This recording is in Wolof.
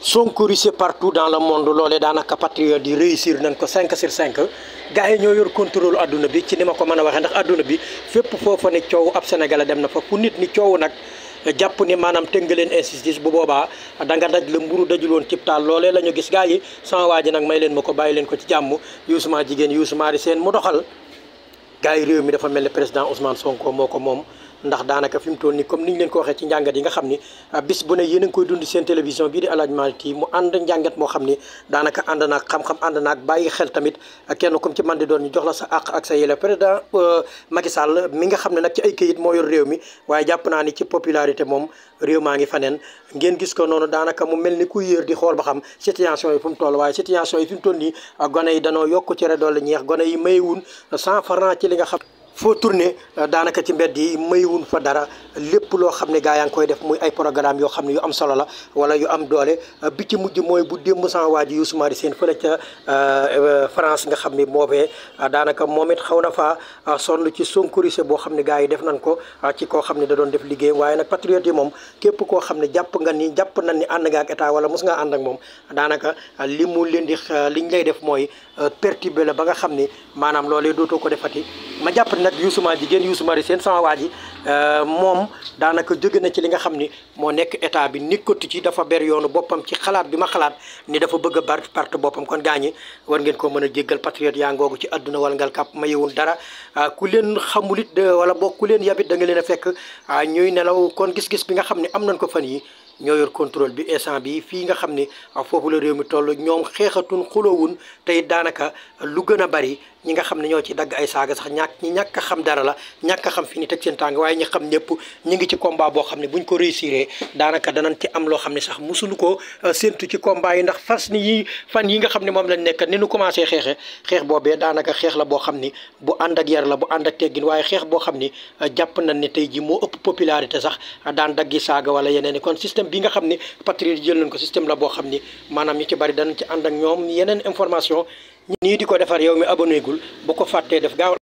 sont corrigés partout dans le monde loolee daanaka patriote yi réussir nañ ko 5 sur cinq gars yi ñoo yor contrôle adduna bi ci ni ma ko mën a waxe ndax adduna bi fépp foofa ne coow ab Sénégal dem na fa fu nit ni coow nag jàpp ni maanaam tëngaleen injustice bu boobaa da nga daj la mburu dajul woon cib loole loolee la ñu gis gars yi sama waa ji nag may leen ma ko bàyyi leen ko ci jàmm Youssouma jigéen Youssou Mari Sène mu doxal gars yi réew mi dafa mel ne président Ousmane Sonko moo ko moom ndax daanaka fi mu toll nii comme ni ñu leen ko waxee ci njàngat yi nga xam ni ah, bis bu ne yéen koy dund seen télévision bii di El Hadji Malick mu ànd njàngat moo xam ni daanaka ànd naag xam ànd naag bàyyi xel tamit kenn comme ci man di doon ñu jox la sa àq ak sa yelleef président euh, Macky Sall mi nga xam ne nag ci ay kayit moo yor réew mi waaye jàpp naa ni ci popularité moom réew maa ngi faneen ngeen gis ko noonu daanaka mu mel ni ku yéer di xool ba xam situation yi fu mu toll waaye situation yi fi mu toll nii ah, gone yi danoo yokk cere doole ñeex gone yi maywun cent francs ci li nga xam foo tourné euh, daanaka ci mbedd yi mayewuñ fa dara lépp loo xam ne gaa yaa ngi koy def muy ay programme yoo xam ne yu am solo la wala yu am doole bi ci mujj mooy bu démb sama waa ji Youssou Mari Sène fële ca euh, France nga xam ne moo daanaka moom it xaw na faa euh, sonn ci sonkorisé boo xam ne gaa yi def nañ ko euh, ci koo xam ne da def liggéey waaye nag patriote moom képp koo xam ne jàpp nga ni jàpp nañ ni ànd nga ak wala mos nga ànd ak moom daanaka li mu leen di liñ lay def mooy perturbé la ba nga xam ne maanaam loolee dootoo ko defati ma jàpp nag Youssou Mari jigéen Youssou Mari Sène sama waa ji Euh, moom daanaka jóge na ci li nga xam ni moo nekk état bi nikkatu ci dafa ber yoonu boppam ci xalaat bi ma xalaat ni dafa bëgg a bar parte boppam kon gaañi war ngeen ko mën a jéggal patriote yaa ngoogu ci àdduna wala ngal kàpp ma yewun dara euh, ku leen xamulit wala boo ku leen yabit da nga leen a fekk euh, ñuy nelaw kon gis-gis bi nga xam ne am nañ ko fan yi ñoo yor contrôle bi instant bi fii nga xam ni foofu la réew mi toll ñoom xeexatun xuloowun tey daanaka lu gën a bari ñi nga xam ne ñoo ci dagg ay saaga sax ñàkk ñàkk xam dara la ñàkk xam fi ni teg seen tàng waaye ñi xam ñëpp ñu ngi ci combat boo xam ne buñ ko réussiree daanaka danañ ci am loo xam ne sax musuñu ko euh, séntu ci combat yi ndax fas ni yi fan yi nga xam ne moom lañ nekk ni nu commencé xeexe xeex boobee daanaka xeex la boo xam ni bu ànd ak yar la bu ànd ak teggin waaye xeex boo xam ni euh, jàpp nañ ne tey ji moo ëpp popularité sax daan daggi saaga wala yeneen kon système bi nga xam ni patriote jël nañ ko système la boo xam ni maanaam ñu ci bari danañ ci ànd ñoom yeneen information nii di ko defar yow mi abonné gul bu ko fàttee def gaaw